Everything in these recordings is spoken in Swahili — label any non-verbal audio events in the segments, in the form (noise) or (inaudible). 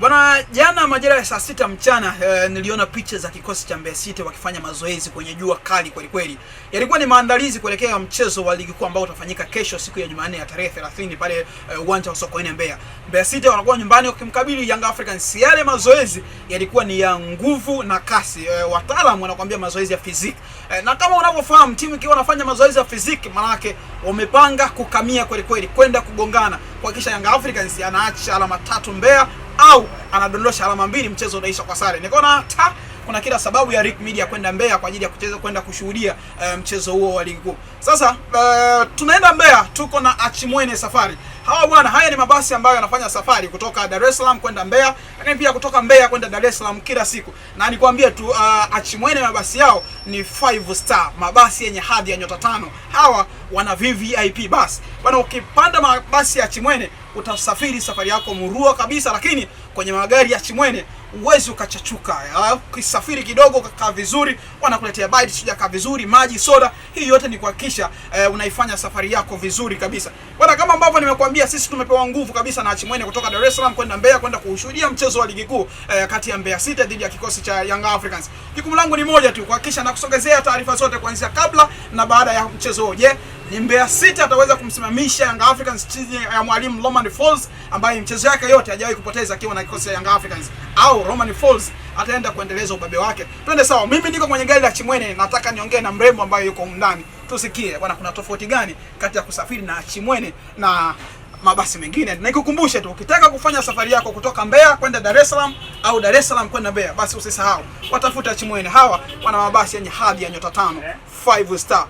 Bwana, jana majira ya saa sita mchana e, niliona picha za kikosi cha Mbeya City wakifanya mazoezi kwenye jua kali kweli kweli. Yalikuwa ni maandalizi kuelekea mchezo wa ligi kuu ambao utafanyika kesho siku ya Jumanne ya tarehe 30 pale eh, uwanja e, wa Sokoine Mbeya. Mbeya City wanakuwa nyumbani wakimkabili Young Africans. Yale mazoezi yalikuwa ni ya nguvu na kasi. E, wataalamu wanakuambia mazoezi ya fiziki. E, na kama unavyofahamu timu ikiwa wanafanya mazoezi ya fiziki maana yake wamepanga kukamia kweli kweli kwenda kugongana kuhakikisha Young Africans anaacha alama tatu Mbeya au anadondosha alama mbili, mchezo unaisha kwa sare. Nikaona ta kuna kila sababu ya Rick Media kwenda Mbeya kwa ajili ya kucheza kwenda kushuhudia uh, mchezo huo wa ligi kuu. Sasa uh, tunaenda Mbeya, tuko na Achimwene Safari. Hawa bwana, haya ni mabasi ambayo yanafanya safari kutoka Dar es Salaam kwenda Mbeya, lakini pia kutoka Mbeya kwenda Dar es Salaam kila siku, na nikwambie tu uh, Achimwene mabasi yao ni five star, mabasi yenye hadhi ya nyota tano. Hawa wana VVIP bus bwana, ukipanda mabasi ya Achimwene utasafiri safari yako murua kabisa, lakini kwenye magari ya chimwene uwezi ukachachuka. Ah, ukisafiri kidogo ukakaa vizuri, wanakuletea bite sijakaa vizuri, maji, soda. Hii yote ni kuhakikisha e, unaifanya safari yako vizuri kabisa bwana. Kama ambavyo nimekuambia, sisi tumepewa nguvu kabisa na Chimwene kutoka Dar es Salaam kwenda Mbeya kwenda kuushuhudia mchezo wa ligi kuu e, kati ya Mbeya City dhidi ya kikosi cha Young Africans. Jukumu langu ni moja tu, kuhakikisha nakusogezea taarifa zote kuanzia kabla na baada ya mchezo huo. Je, ni Mbeya City ataweza kumsimamisha Young Africans chini ya mwalimu Roman Falls ambaye mchezo yake yote hajawahi kupoteza akiwa na kikosi cha Young Africans, au Roman Falls ataenda kuendeleza ubabe wake. Twende sawa, mimi niko kwenye gari la Chimwene, nataka niongee na mrembo ambaye yuko ndani, tusikie bwana, kuna tofauti gani kati ya kusafiri na Chimwene na mabasi mengine. Na ikukumbushe tu, ukitaka kufanya safari yako kutoka Mbeya kwenda Dar es Salaam au Dar es Salaam kwenda Mbeya, basi usisahau watafuta Chimwene. Hawa wana mabasi yenye hadhi ya nyota tano, five star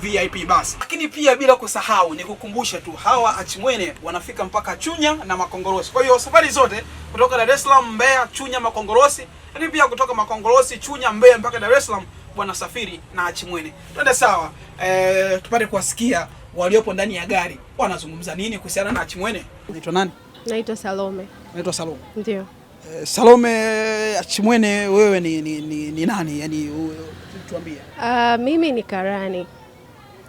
VIP basi. Lakini pia bila kusahau, nikukumbushe tu hawa Achimwene wanafika mpaka Chunya na Makongorosi. Kwa hiyo safari zote kutoka Dar es Salaam, Mbeya, Chunya, Makongorosi, lakini pia kutoka Makongorosi, Chunya, Mbeya mpaka Dar es Salaam wanasafiri na Achimwene. Twende sawa, Eh, tupate kuwasikia waliopo ndani ya gari wanazungumza nini kuhusiana na Achimwene? Unaitwa nani? Naitwa Salome. Naitwa Salome. Ndio. Eh, Salome Achimwene wewe ni, ni, ni, ni nani? Yaani tuambie. Uh, mimi ni karani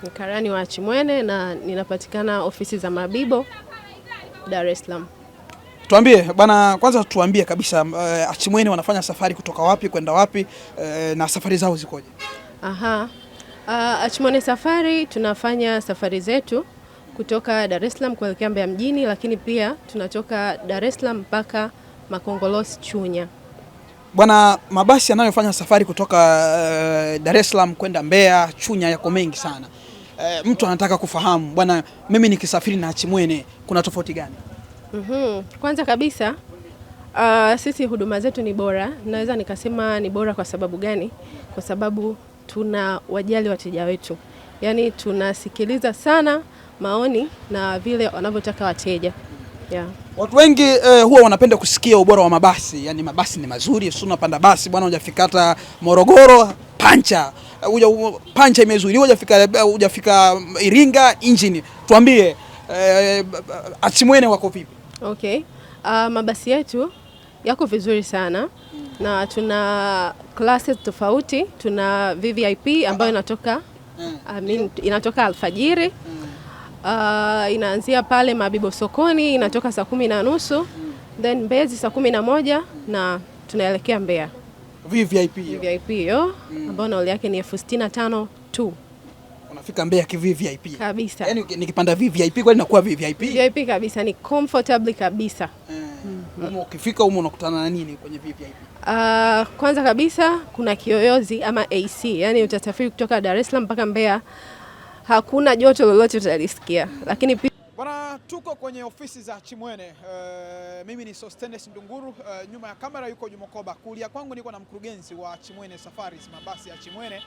ni karani wa Achimwene na ninapatikana ofisi za Mabibo Dar es Salaam. Tuambie bana, kwanza tuambie kabisa uh, Achimwene wanafanya safari kutoka wapi kwenda wapi uh, na safari zao zikoje? Aha. Uh, Achimone Safari tunafanya safari zetu kutoka Dar es Salaam kuelekea Mbeya mjini, lakini pia tunatoka Dar es Salaam mpaka Makongolosi Chunya. Bwana, mabasi yanayofanya safari kutoka uh, Dar es Salaam kwenda Mbeya Chunya yako mengi sana. Uh, mtu anataka kufahamu bwana, mimi nikisafiri na Achimwene kuna tofauti gani? mm -hmm. Kwanza kabisa uh, sisi huduma zetu ni bora, naweza nikasema ni bora kwa sababu gani? Kwa sababu tuna wajali wateja wetu, yaani tunasikiliza sana maoni na vile wanavyotaka wateja yeah. Watu wengi eh, huwa wanapenda kusikia ubora wa mabasi, yaani mabasi ni mazuri, sio unapanda basi bwana, hujafika hata Morogoro pancha eh, uja, pancha imezuiliwa, hujafika eh, hujafika Iringa injini. Tuambie eh, Achimwene wako vipi? Okay. Uh, mabasi yetu yako vizuri sana na tuna classes tofauti. Tuna VVIP ambayo inatoka I mean, inatoka alfajiri uh, inaanzia pale Mabibo sokoni inatoka saa kumi na nusu then Mbezi saa kumi na moja na tunaelekea Mbeya. VVIP hiyo ambayo nauli yake ni elfu sitini na tano tu. Unafika Mbeya ki kabisa. yani nikipanda VVIP kwani nakuwa VVIP. VVIP kabisa ni comfortable kabisa. Mm. Umo ukifika humo unakutana na nini kwenye VIP? Uh, ah, kwanza kabisa kuna kiyoyozi ama AC, yani utasafiri kutoka Dar es Salaam mpaka Mbeya, hakuna joto lolote utalisikia. Mm. Lakini bwana, tuko kwenye ofisi za Chimwene. Uh, mimi ni Sostenes Ndunguru. Uh, nyuma ya kamera yuko Jumokoba, kulia kwangu niko na mkurugenzi wa Chimwene Safaris, mabasi ya Chimwene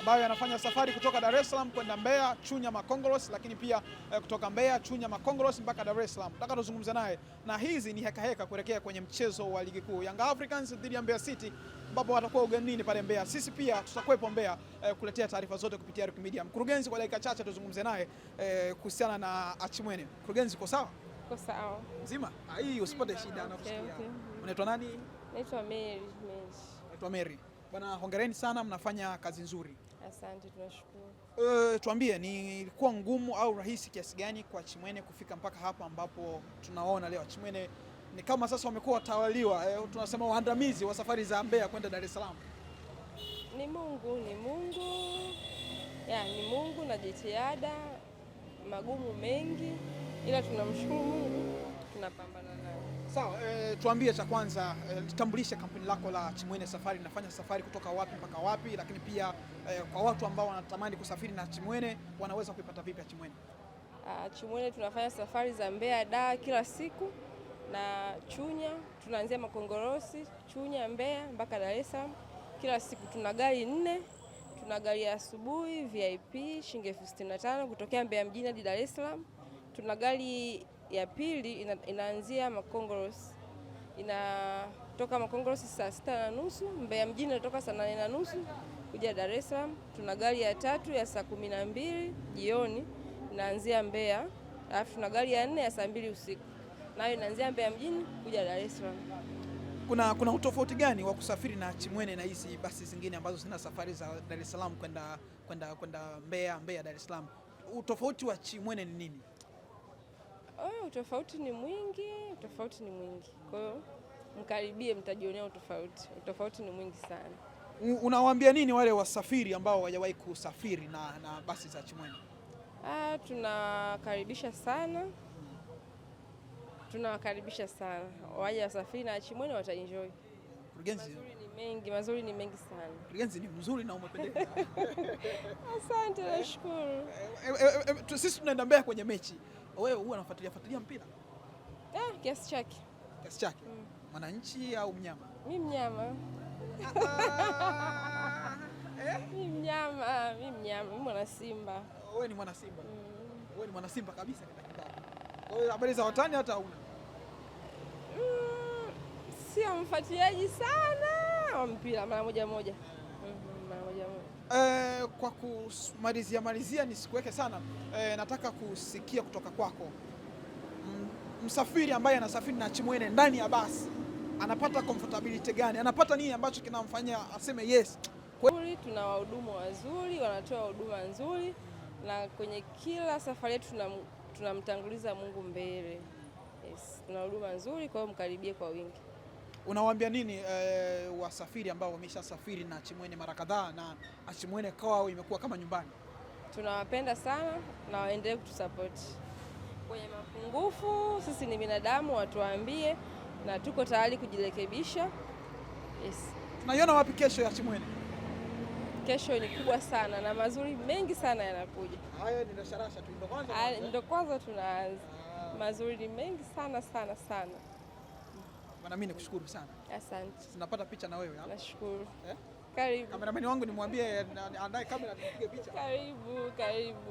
ambayo yanafanya safari kutoka Dar es Salaam kwenda Mbeya, Chunya, Makongoros, lakini pia eh, kutoka Mbeya, Chunya, Makongoros mpaka Dar es Salaam. Nataka tuzungumze naye, na hizi ni heka heka kuelekea kwenye mchezo wa ligi kuu Young Africans dhidi ya Mbeya City ambapo watakuwa ugenini pale Mbeya. Sisi pia tutakuwepo Mbeya eh, kuletea taarifa zote kupitia Rick Media. Mkurugenzi, kwa dakika chache tuzungumze naye eh, kuhusiana na Achimwene. Mkurugenzi, uko sawa? Uko sawa. Mzima? Ah, hii usipate shida na kusikia. Unaitwa nani? Naitwa Mary. Naitwa Mary. Bwana, hongereni sana, mnafanya kazi nzuri. Asante, tunashukuru. E, tuambie ni ilikuwa ngumu au rahisi kiasi gani kwa Chimwene kufika mpaka hapa ambapo tunaona leo Chimwene ni kama sasa wamekuwa watawaliwa eh, tunasema waandamizi wa safari za Mbeya kwenda Dar es Salaam. Ni Mungu, ni Mungu ya, ni Mungu na jitihada, magumu mengi, ila tunamshukuru Mungu tunapambana nayo. Sawa, eh, tuambie cha kwanza eh, tutambulishe kampuni lako la Chimwene Safari, linafanya safari kutoka wapi mpaka wapi, lakini pia eh, kwa watu ambao wanatamani kusafiri na Chimwene wanaweza kuipata vipi Chimwene? Ah, Chimwene tunafanya safari za Mbeya da kila siku na Chunya, tunaanzia Makongorosi, Chunya, Mbeya mpaka Dar es Salaam kila siku. Tuna gari nne, tuna gari ya asubuhi VIP shilingi elfu sitini na tano kutokea Mbeya mjini hadi Dar es Salaam. Tuna gari ya pili ina, inaanzia makongoros inatoka Makongoros saa sita na nusu Mbeya mjini inatoka saa nane na nusu kuja Dar es Salaam. Tuna gari ya tatu ya saa kumi na mbili jioni inaanzia Mbeya, alafu tuna gari ya nne ya saa mbili usiku nayo inaanzia Mbeya mjini kuja Dar es Salaam. Kuna, kuna utofauti gani wa kusafiri na Chimwene na hizi basi zingine ambazo zina safari za Dar es Salaam kwenda kwenda kwenda Mbeya Mbeya Dar es Salaam? Utofauti wa Chimwene ni nini? Oh, utofauti ni mwingi, utofauti ni mwingi. Kwa hiyo mkaribie, mtajionea utofauti. Utofauti ni mwingi sana. Unawaambia nini wale wasafiri ambao hawajawahi kusafiri na, na basi za Chimwendo? Ah, tunakaribisha sana tunawakaribisha sana waje wasafiri na Chimwendo wataenjoy. mazuri ni mengi, mazuri ni mengi sana. Kurugenzi ni mzuri na umependeza. (laughs) Asante, nashukuru. Eh, eh, eh, sisi tunaenda Mbeya kwenye mechi wewe huwa unafuatilia fuatilia mpira eh? Kiasi chake, kiasi chake. Mm. Mwananchi au mnyama? Mi mnyama. Ah, eh? Mi mnyama, mi mnyama, mi mwana Simba. Wewe ni mwana Simba? Mm. Wewe ni mwana Simba kabisa. Kwa hiyo habari za watani hata mm, Sio mfuatiliaji sana wa mpira mara moja moja. Eh. Eh, kwa kumalizia malizia nisikuweke sana eh, nataka kusikia kutoka kwako msafiri ambaye anasafiri na Chimwene ndani ya basi anapata comfortability gani? Anapata nini ambacho kinamfanyia aseme yes? Kweli tuna wahudumu wazuri, wanatoa huduma nzuri, na kwenye kila safari yetu tunamtanguliza Mungu mbele. Yes, tuna huduma nzuri, kwa hiyo mkaribie kwa wingi unawaambia nini e, wasafiri ambao wameshasafiri na Chimwene mara kadhaa na Chimwene kwao imekuwa kama nyumbani? Tunawapenda sana na waendelee kutusapoti kwenye mapungufu. Sisi ni binadamu, watuambie na tuko tayari kujirekebisha. Yes. Tunaiona wapi kesho ya Chimwene? Kesho ni kubwa sana na mazuri mengi sana yanakuja. Hayo ni rasharasha tu, ndio kwanza tunaanza ah. mazuri ni mengi sana sana sana. Bwana, mimi nakushukuru sana. Asante. Tunapata picha na wewe hapa. Nashukuru. Eh? Karibu. Kameramani wangu nimwambie andae kamera nipige picha. Karibu, karibu.